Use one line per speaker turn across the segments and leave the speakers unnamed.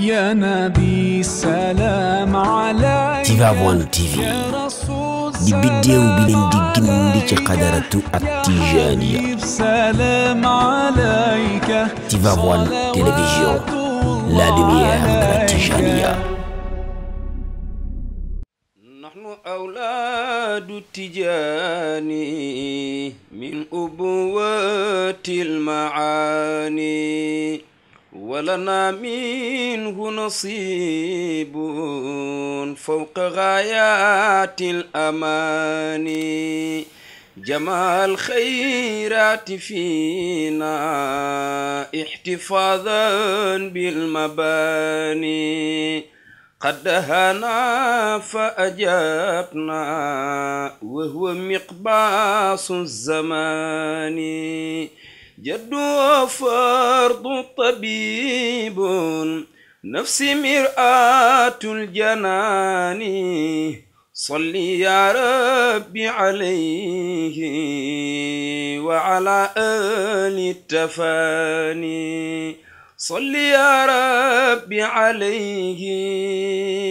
يا نبي السلام عليك تيفا وان تيفي دي بيديو بلين دي جندي تي قدرتو التيجانية سلام عليك تيفا وان تلفزيون لا لميير التيجانية نحن أولاد التجاني من أبوات المعاني ولنا منه نصيب فوق غايات الأماني جمال الخيرات فينا احتفاظا بالمباني قد دهنا فأجابنا وهو مقباس الزمان جد وفرض طبيب نفسي مرآة الجنان صل يا ربي عليه وعلى آل التفاني صل يا ربي عليه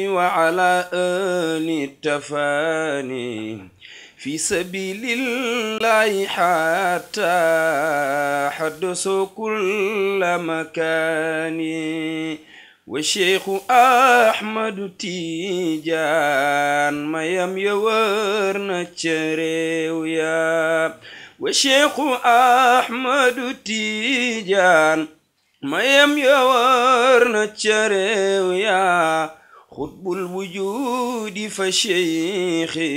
وعلى آل التفاني fi sabilillahi hatta haddasu kulla makani wa cheikhu ahmadu tijaan mayam ya wa cheikhu ya xutbu lwujudi fa cheikhi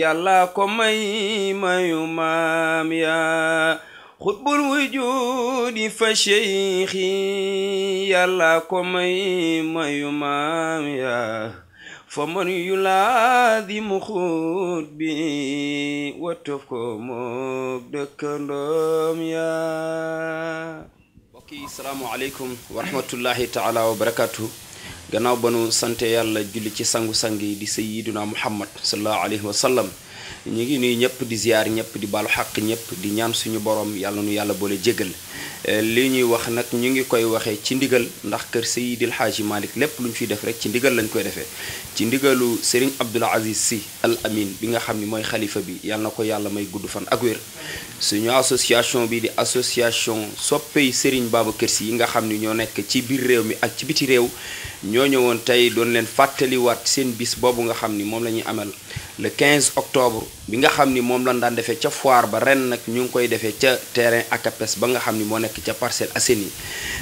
yàlla ko may mayu maam ya xutbu lwujudi fa cheikhi yàlla ko may mayu maam ya fa man yulaadimu xut bi wattof ko moog dëkkandoom ya mbokk yi salaamaaleykum wa rahmatullahi taala wa barakatuh gannaaw ba nu sante yàlla julli ci sangu-sang yi di sayyiduna muhammad sallallahu alayhi wa sallam ñu ngi nuyu ñëpp di ziyaar ñëpp di baalu xaq ñëpp di ñaan suñu borom yàlla nu yàlla boole jégal li ñuy wax nag ñu ngi koy waxee ci ndigal ndax kër Seydil Xaaji Malick lépp lu ñu fiy def rek ci ndigal lañ koy defee ci ndigalu Serigne Abdoul Aziz Sy Al Amin bi nga xam ni mooy xalifa bi yàlla na ko yàlla may gudd fan ak wér suñu association bi di association soppey Serigne Babacar Sy yi nga xam ni ñoo nekk ci biir réew mi ak ci biti réew ñoo ñëwoon tey doon leen fàttaliwaat seen bis boobu nga xam ni moom la ñuy amal le 15 octobre bi nga xam ni moom lañ daan defee ca foire ba ren nag ñu ngi koy defee ca terrain ACAPES ba nga xam ni moo nekk ca Parcelles Assainies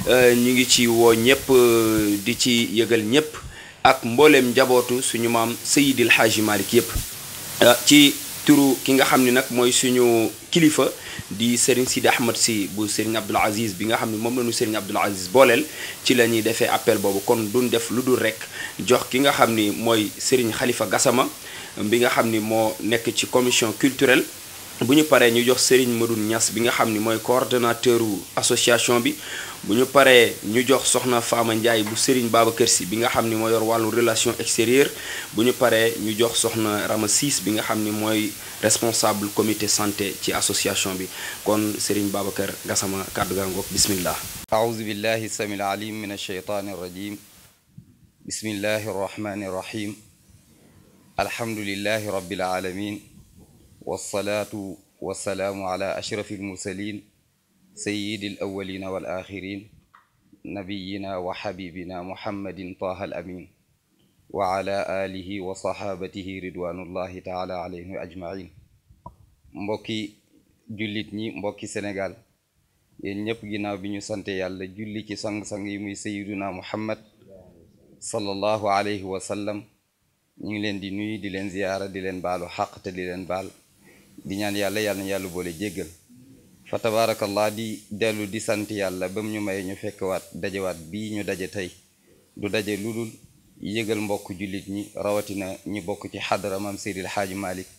euh, ñu ngi ci woo ñëpp euh, di ci yëgal ñëpp ak mbooleem njabootu suñu maam Seydil Hadji Malick yëpp euh, ci turu ki nga xam ni nag mooy suñu kilifa di Serigne Sidi Ahmed si bu Serigne Abdoul Aziz bi nga xam ne moom la ñu Serigne Abdoul Aziz booleel ci la ñuy defee appel boobu kon duñ def lu dul rek jox ki nga xam ni mooy Serigne Khalifa Gassama bi nga xam ni moo nekk ci commission culturelle. buñu paré ñu jox Serigne Madoune ñass bi nga xamni moy mooy coordonnateur association bi buñu paré ñu jox soxna Fama ndjay bu Serigne Babacar Sy bi nga xamni moy yor walu relation extérieure buñu paré ñu jox soxna Rama Ciss bi nga xamni moy responsable comité santé ci association bi kon
Serigne Babacar nga sama kàddu ga ngok bismillah a'udhu billahi samil alim minash asheytani rajim bismillahir rahmanir rahim alhamdulillahi rabbil alamin والصلاة والسلام على أشرف المرسلين سيد الأولين والآخرين نبينا وحبيبنا محمد طه الأمين وعلى آله وصحابته رضوان الله تعالى عليهم أجمعين مبكي جلتني مبكي سنغال ينب جنا بنيو سنتي يالا جلتي سنغ سنغ يمي سيدنا محمد صلى الله عليه وسلم نيلين دي نوي دي لين زيارة دي لين بالو حق دي لين بالو di ñaan yàlla yàlla na yàlla boole jéggal fa tabaarakallaa di dellu di sant yàlla ba mu ñu may ñu fekk waat daje waat bii ñu daje tey du daje lu dul yëgal mbokk jullit ñi rawatina ñi bokk ci xadara maam Seydil Xaaji Malick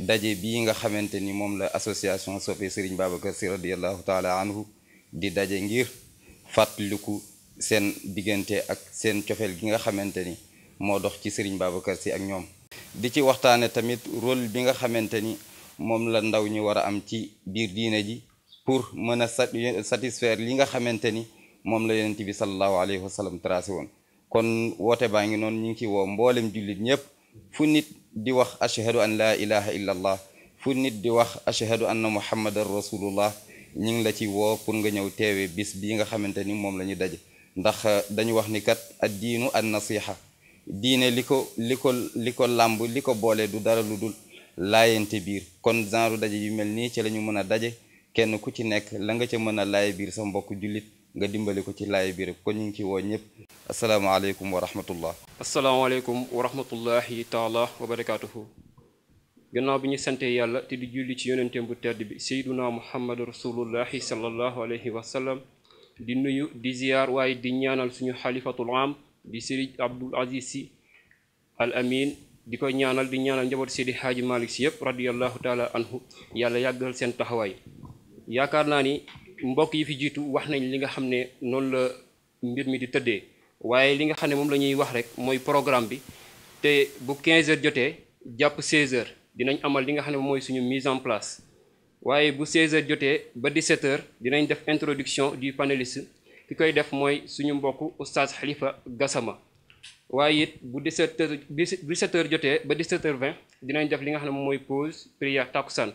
daje bi nga xamante ni moom la association soppe Serigne Babacar Sy radiallahu taala anhu di daje ngir fàttaliku seen diggante ak seen cofeel gi nga xamante ni moo dox ci Serigne Babacar Sy ak ñoom di ci waxtaane tamit rôle bi nga xamante moom la ndaw ñi war a am ci biir diine ji pour mën a satisfaire li nga xamante ni moom la yonent bi sallallahu alayhi wa sallam tracé woon kon woote baa ngi noonu ñu ngi ci woo mboolem jullit ñëpp fu nit di wax ashhadu an laa ilaha illa allah fu nit di wax ashhadu anna muhammadan rasulullah ñu ngi la ci woo pour nga ñëw teewe bis bi nga xamante ni moom la ñu daje ndax euh, dañu wax ni kat ad diinu an nasiha diine liko ko li ko li làmb li ko boole du dara lu laayante biir kon genre daje yu mel nii ci lañu mën a daje kenn ku ci nekk la nga ca mën a laay biir sa mbokk jullit nga dimbali ko ci laay biir kon ñu ngi ci woo ñëpp asalaamaaleykum wa rahmatullah
asalaamaaleykum wa rahmatullahi taala wa barakaatuhu gannaaw bi ñu santee yàlla te di julli ci yonenteem bu tedd bi sayduna muhammad rasulullahi sallallahu alayhi wa sallam di nuyu di ziyaar waaye di ñaanal suñu xalifatul am di sëriñ abdul aziz si al amin di koy ñaanal di ñaanal njaboot Seydi Hadji Malick Sy yëpp radiyallahu taala anhu yàlla yàggal seen taxawaay yaakaar naa ni mbokk yi fi jiitu wax nañ li nga xam ne noonu la mbir mi di tëddee waaye li nga xam ne moom la ñuy wax rek mooy programme bi te bu 15 jotee jàpp 16 heures dinañ amal li nga xam ne mooy suñu mise en place waaye bu 16 jotee ba 17 heures dinañ def introduction du panéliste ki koy def mooy suñu mbokk oustaz Khalifa gasama waaye it bu 17 heures 17 heures jotee ba 17 heures 20 dinañ def li nga xam ne moom mooy pause prière takkusaan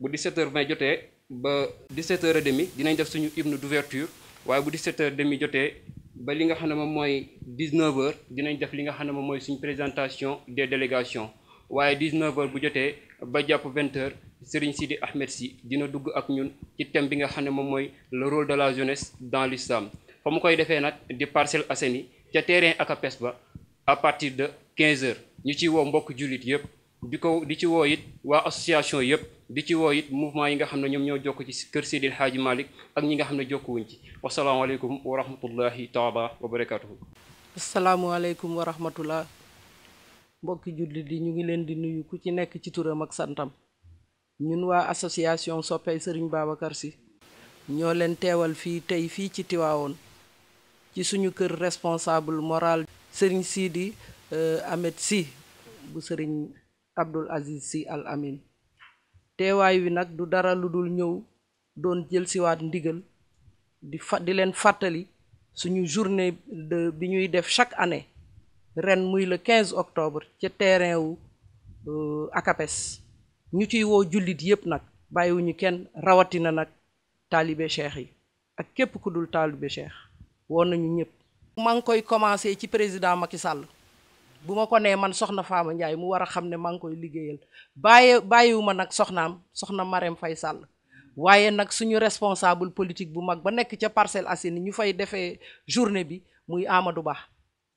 bu 17 heures 20 jotee ba 17 heures et demi dinañ def suñu hymne d'ouverture waaye bu 17 heures et demi jotee ba li nga xam ne moom mooy 19 heures dinañ def li nga xam ne moom mooy suñu présentation des délégations waaye 19 heures bu jotee ba jàpp 20 heures Sidi Ahmed Sy dina dugg ak ñun ci thème bi nga xam ne moom mooy le rôle de la jeunesse dans l'islam fa mu koy defee nag di Parcelles Assainies ca terrain ACAPES ba à partir de quinze heures ñu ci woo mbokk jullit yëpp di ko di ci woo it waa association yëpp di ci woo it mouvement yi nga xam ne ñoom ñoo jokk ci kër Seydil Hadji Malick ak ñi nga xam ne jokk jokkuwuñ ci wasalaamaaleykum wa rahmatullahi taala wa barakatuhu
asalaamualeykum wa rahmatullah mbokki jullit yi ñu ngi leen di nuyu ku ci nekk ci turam ak santam ñun waa association soppey Serigne Babacar Sy ñoo leen teewal fii tey fii ci Tiwaawoon ci suñu kër responsable moral sëriñ Sidi euh, Ahmed Sy bu sëriñ Abdul Aziz Sy Al Amin teewaay wi nag du dara lu dul ñëw doon jël siwaat ndigal di fa di leen fàttali suñu journée de bi ñuy def chaque année ren muy le 15 octobre ca terrain wu euh, ACAPES ñu ciy woo jullit yépp nag bàyyiwuñu kenn rawatina nag taalibe cheikh yi ak képp ku dul taalibe cheikh woon nañu ñëpp. maa ngi koy commencé ci président Macky Sall bu ma ko nee man soxna Fama Ndiaye mu war a xam ne maa ngi koy liggéeyal bàyyiwu ma nag soxnaam soxna Marème fay Sall waaye nag suñu responsable politique bu mag ba nekk ca Parcelles ni ñu fay defee journée bi muy Amadou Ba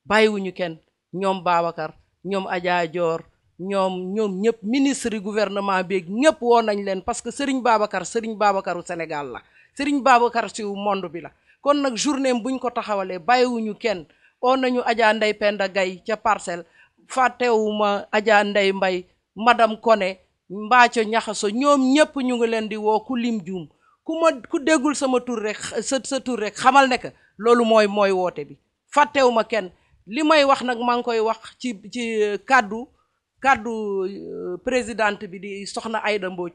bàyyiwuñu kenn ñoom Babacar ñoom Adja Dior ñoom ñoom ñëpp ministre gouvernement beeg ñëpp woon nañ leen parce que Serigne Babacar Serigne Babacaru Sénégal la Serigne Babacar si monde bi la. kon nag journée buñ ko taxawalee bàyyiwuñu kenn oo nañu Adja Ndeye Penda Gaye ca parcelle fàttewuma Adja Ndeye Mbaye madame Koné Mbaaco Ñaxaso ñoom ñépp ñu ngi leen di woo ku lim juum ku ma ku déggul sama tur rek sa sa tur rek xamal ne que loolu mooy mooy woote bi fàttewuma kenn li may wax nag maa ngi koy wax ci ci kaddu euh, kàddu euh, présidente bi di soxna Aïda Mbodj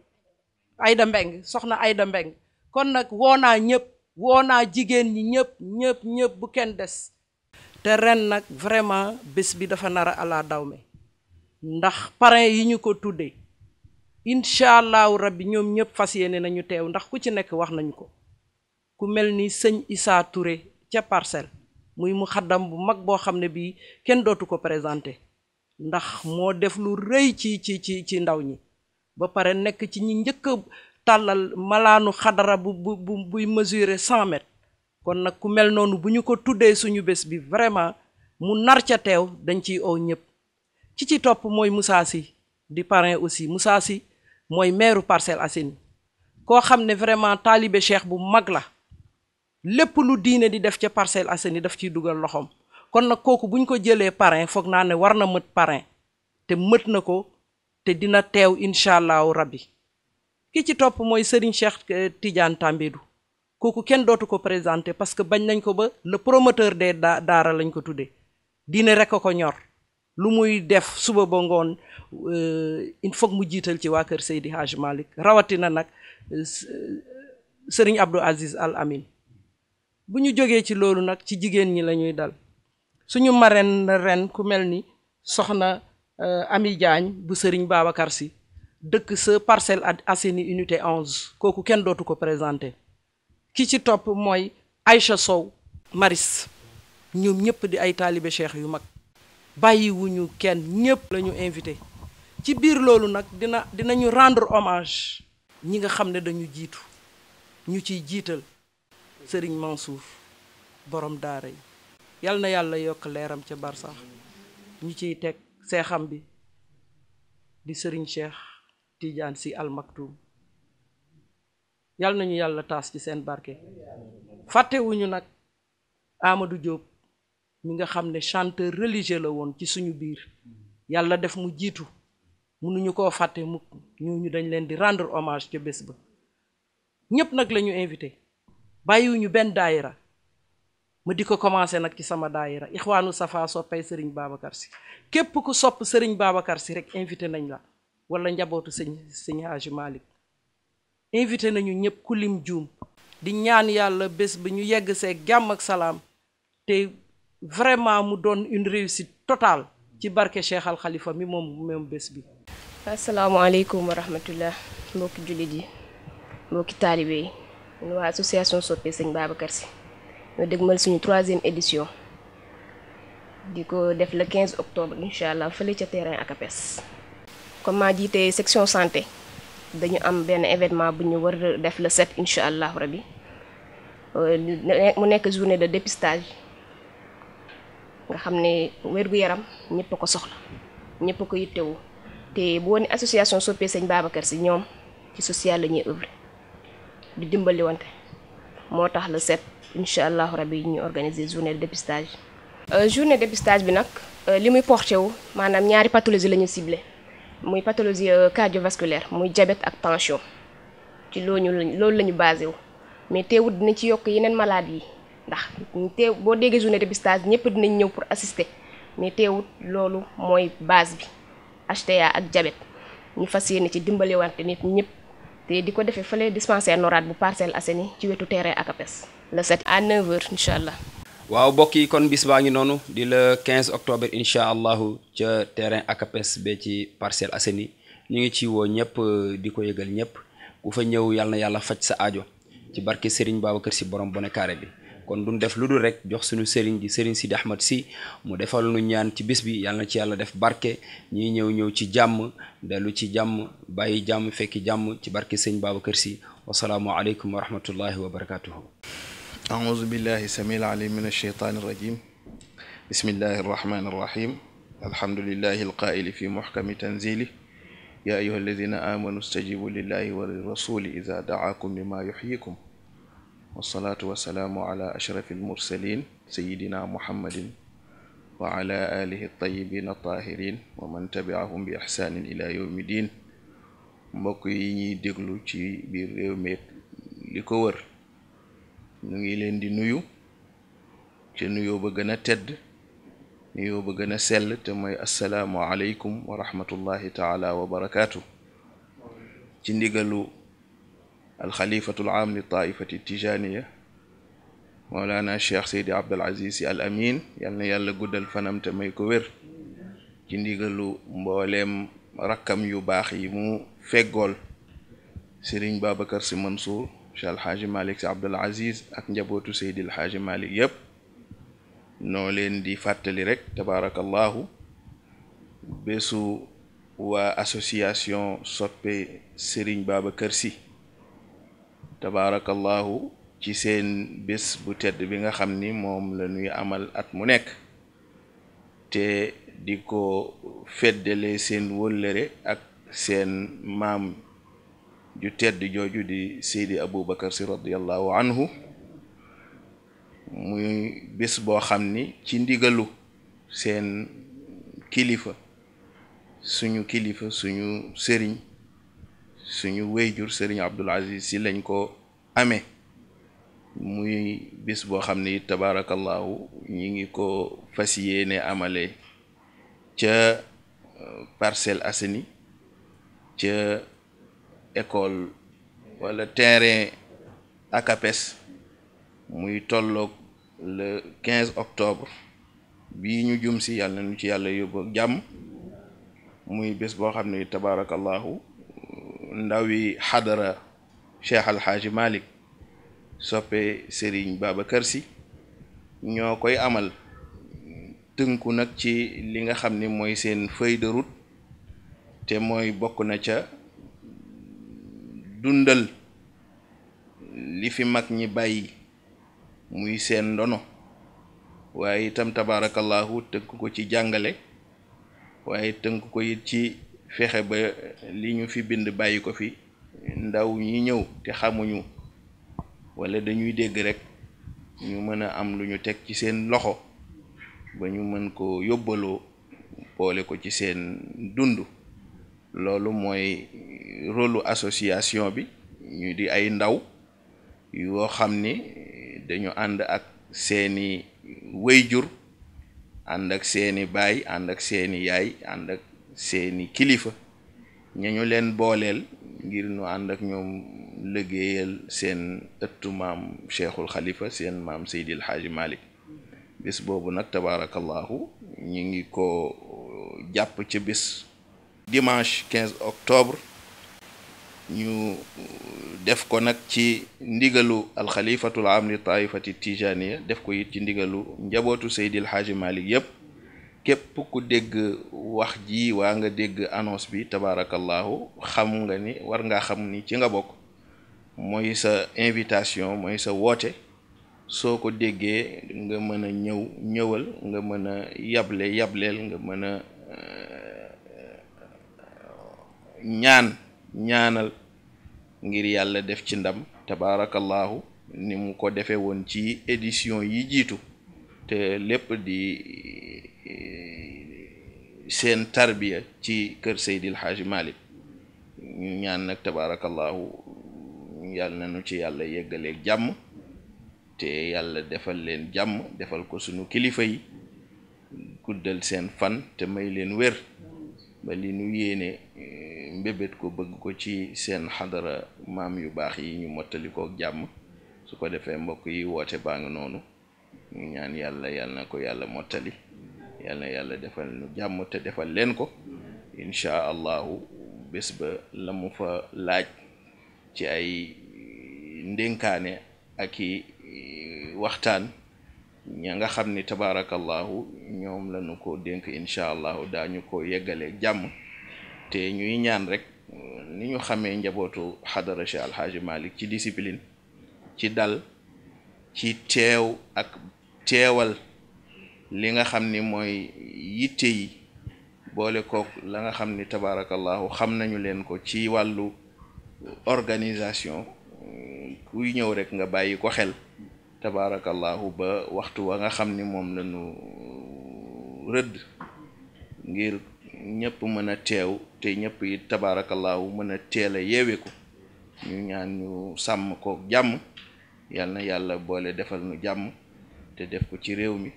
Aïda Mbeng soxna Aïda Mbeng kon nag woo naa ñëpp woo naa jigéen ñi ñëpp ñëpp ñëpp bu kenn des te ren nag vraiment bés bi dafa nar a ala dawme ndax parrain yi ñu ko tuddee incha allahu rabbi ñoom ñëpp fas yéene nañu teew ndax ku ci nekk wax nañu ko ku mel ni sëñ Issa ca parcelle muy mu xaddam bu mag boo xam ne bii kenn dootu ko présenté ndax moo def lu rëy ci ci ci ci ndaw ñi ba pare nekk ci ñi njëkk tàllal malaanu xadara bu bu bu buy mesurer cent mètres kon nag ku mel noonu bu ñu ko tuddee suñu bés bi vraiment mu nar ca teew dañ ciy ow ñëpp ci ci topp mooy Moussa si di parrain aussi Moussa si mooy maire Parcelles Assainies koo xam ne vraiment taalibe cheikh bu mag la lépp lu diine di def ca Parcelles Assainies daf ciy dugal loxoom kon nag kooku buñ ko jëlee parrain foog naa ne war na mët parrain te mët na ko te dina teew incha allahu rabbi ki ci topp mooy Serigne Cheikh eh, Tidiane Tambédou kooku kenn dootu ko présenté parce que bañ nañ ko ba le promoteur des daara lañ ko tuddee diine rek a ko ñor lu muy def suba ba ngoon eh, il faut mu jiital ci waa kër Seydi Hadj Malick rawatina nag eh, sëriñ Abdou Aziz Al Amin bu ñu jógee ci loolu nag ci jigéen ñi la ñuy dal suñu marraine ren ku mel ni soxna Ami Diagne bu Serigne Babacar Sy dëkk sa Parcelles Assainies unité 11 kooku kenn dootu ko présenté ki ci topp mooy Aïcha Sow Maris ñoom ñëpp di ay taalibe cheikh yu mag bàyyiwuñu kenn ñëpp lañu invité ci biir loolu nag dina dinañu rendre hommage ñi nga xam ne dañu jiitu ñu ciy jiital Serigne Mansour borom daara yi yal na yàlla yokk leeram ci barsax ñu ciy teg seexam bi di Serigne Cheikh Tidiane Sy Al Maktoum yal nañu yàlla taas ci seen barke fàttewuñu nag amadu Diop mi nga xam ne chanteur religieux la woon ci suñu biir yàlla def mu jiitu mënuñu koo fàtte mukk ñooñu dañ leen di rendre hommage ca bés ba ñépp nag la ñu invité bàyyiwuñu benn daayira ma di ko commencé nag ci sama daayira ixwaanu safa soppay sëriñ Babacar si képp ku sopp sëriñ Babacar rek invité nañ la wala njabootu sëñ sëñ Haaji Malick invité nañu ñëpp ku lim juum di ñaan yàlla bés bi ñu yegg see jàmm ak salaam te vraiment mu doon une réussite totale ci barke Cheikh Al Khalifa mi moom même bés bi.
asalaamaaleykum wa rahmatullah mbokki jullit yi mbokki taalibe yi ñun waa association soppe sëñ Babacar Sy ñu suñu troisième édition di ko def le 15 octobre incha allah fële ca terrain ak APES. comme ma jiite section santé dañu am ben événement bu ñu wër def le 7 incha rabbi rabi euh, mu nek journée de dépistage nga xamné wër gu yaram ñëpp ko soxla ñëpp ko wu té bu woni association soppee sëñ Babacar ci ñom ci social la ñuy œuvre di dimbali wante motax le 7 incha rabbi rabi ñu organiser journée de dépistage euh, journée de dépistage bi nak euh, limuy porté wu manam ñaari pathologie la ñu ciblé muy pathologie euh, cardiovasculaire muy jabet ak tension ci looñu loolu la ñu basé wu mais teewut dina ci yokk yeneen maladies yi ndax teew boo déggee journée dépistage ñëpp dinañ ñëw pour assister mais teewut loolu mooy base bi HTA ak jabet ñu fas yéene ci dimbaliwante nit ñëpp te di ko defee fale dispensaire Norade bu Parcelles Assainies ci wetu terrain ak APES le 7 à 9h incha allah.
waaw mbokk yi kon bis baa ngi noonu di la 15 octobre incha allahu ca terrain akapes ba ci parcelle Assainies ñu ngi ci woo ñëpp euh, di ko yëgal ñëpp ku fa ñëw yàlla yàlla faj sa aajo ci barke Serigne kër si borom bonekaare bi kon duñ def lu dul rek jox suñu Serigne di si Sidi Ahmed si mu defal nu ñaan ci bis bi yàlla ci yàlla def barke ñiy ñëw ñëw ci jàmm dellu ci jàmm bàyyi jàmm fekki jàmm ci barke Serigne kër si wasalaamualeykum aleykum
rahmatullahi wa barakatuhu أعوذ بالله السميع العليم من الشيطان الرجيم بسم الله الرحمن الرحيم الحمد لله القائل في محكم تنزيله يا أيها الذين آمنوا استجيبوا لله وللرسول إذا دعاكم لما يحييكم والصلاة والسلام على أشرف المرسلين سيدنا محمد وعلى آله الطيبين الطاهرين ومن تبعهم بإحسان إلى يوم الدين mbokk yi ñuy لكور ñu ngi leen di nuyu ca nuyoo ba gën a tedd nuyoo ba gën a sell te mooy assalaamu aleykum wa rahmatullahi taala wa barakaatu ci ndigalu alxalifatu al aam li taifati tijaniya moolaana cheikh seydi abdul aziz al amin yal na yàlla guddal fanam te may ko wér ci ndigalu mbooleem rakkam yu baax yi mu feggool sëriñ babacar si mansour Cheikh El Hadj Malick Sy Aziz ak njabootu Seydil Hadj Malick yëpp noo leen di fàttali rek tabaarakallaahu bésu waa association soppe Serigne Babacar Sy tabaarakallaahu ci seen bés bu tedd bi nga xam ni moom la ñuy amal at mu nekk te di ko feddale seen wëllëre ak seen maam ju tedd jooju di seydi aboubacar si radiallahu anhu muy bés boo xam ni ci ndigalu seen kilifa suñu kilifa suñu sëriñ suñu wéyjur sëriñ abdul aziz si lañ ko ame muy bés boo xam ni tabaarakallaahu ñi ngi ko fas yéene amale ca euh, parcelle Assainies ca école wala terrain ACAPES muy tolloog le quinze octobre bii ñu jum si yàlla nañu ci yàlla yóbbu ak jàmm muy bés boo xam ne tabaarakallahu ndawi xadara cheikh alxaaji malik soppe Serigne Babacar Sy ñoo koy amal tënku nag ci li nga xam ni mooy seen feuille de te mooy bokk na ca dundal li fi mag ñi bàyyi muy seen ndono waaye itam tabaarakallahu tënk ko ci jàngale waaye tënk ko it ci fexe ba li ñu fi bind bàyyi ko fi ndaw ñi ñëw te xamuñu wala dañuy dégg rekk ñu mën a am lu ñu teg ci seen loxo ba ñu mën ko yóbbaloo boole ko ci seen dund loolu mooy rôle association bi ñu di ay ndaw yoo xam ni dañu ànd ak seeni wéyjur ànd ak seeni baay ànd ak seeni yaay ànd ak seeni kilifa ña ñu leen booleel ngir ñu ànd ak ñoom liggéeyal seen ëttu maam cheikhul xalifa seen maam seydil xaaji malik bis boobu nag tabaarakallahu ñu ngi ko jàpp ci bis dimanche 15 octobre ñu def ko nag ci ndigalu alxalifatul am li taifati tijaniya def ko it ci ndigalu njabootu seydil xaaji malik yépp képp ku dégg wax ji waa nga dégg annonce bi tabaarakallaahu xam nga ni war nga xam ni ci nga bokk mooy sa invitation mooy sa woote soo ko déggee nga mën a ñëw ñëwal nga mën a yable yableel nga mën a ñaan ñaanal ngir yàlla def ci ndam tabaarakallaahu ni mu ko defee woon ci édition yi jiitu te lépp di eh, seen tarbiya ci kër Seydil Haaji Malick ñaan nag tabaarakallaahu yàlla nañu ci yàlla yeggaleeg jàmm te yàlla defal leen jàmm defal ko sunu kilifa yi guddal seen fan te may leen wér ba mbébét ko bëgg ko ci seen xadara maam yu baax yi ñu mottali ko jàmm su ko defee mbokk yi woote baa ngi noonu ñu ñaan yàlla yàlla na ko yàlla mottali yàlla yàlla defal nu jàmm te defal leen ko incha allahu bés ba la mu fa laaj ci ay ndénkaane ak i eh, waxtaan ña nga xam ni tabaarakallahu ñoom la ko dénk incha allahu daañu ko yeggalee jàmm te ñuy ñaan rek ni ñu xamee njabootu xadara Cheikh Alxaaji Malik ci discipline ci dal ci teew ak teewal li nga xam ni mooy yitte yi boole kook la nga xam ni tabaarakallahu xam nañu leen ko ci wàllu organisation kuy ñëw rek nga bàyyi ko xel tabaarakallahu ba waxtu wa nga xam ni moom lañu rëdd ngir ñëpp mën a teew te ñëpp yi tabaarakallaahu mën a teel a yeeweku ñu ñaan ñu sàmm ko jàmm yal na yàlla boole defal nu jàmm te def ko ci réew mi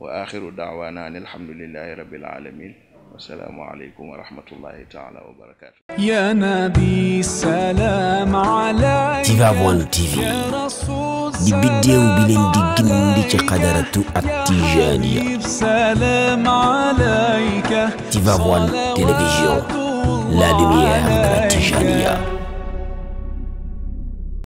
wa axiru daawaana an alhamdulillahi rabbil alamin والسلام عليكم ورحمة الله تعالى
وبركاته يبديو بلين دقن ليك قدرتو التجانية سلام عليك تيفا وان تلفزيون لا لمياه التجانية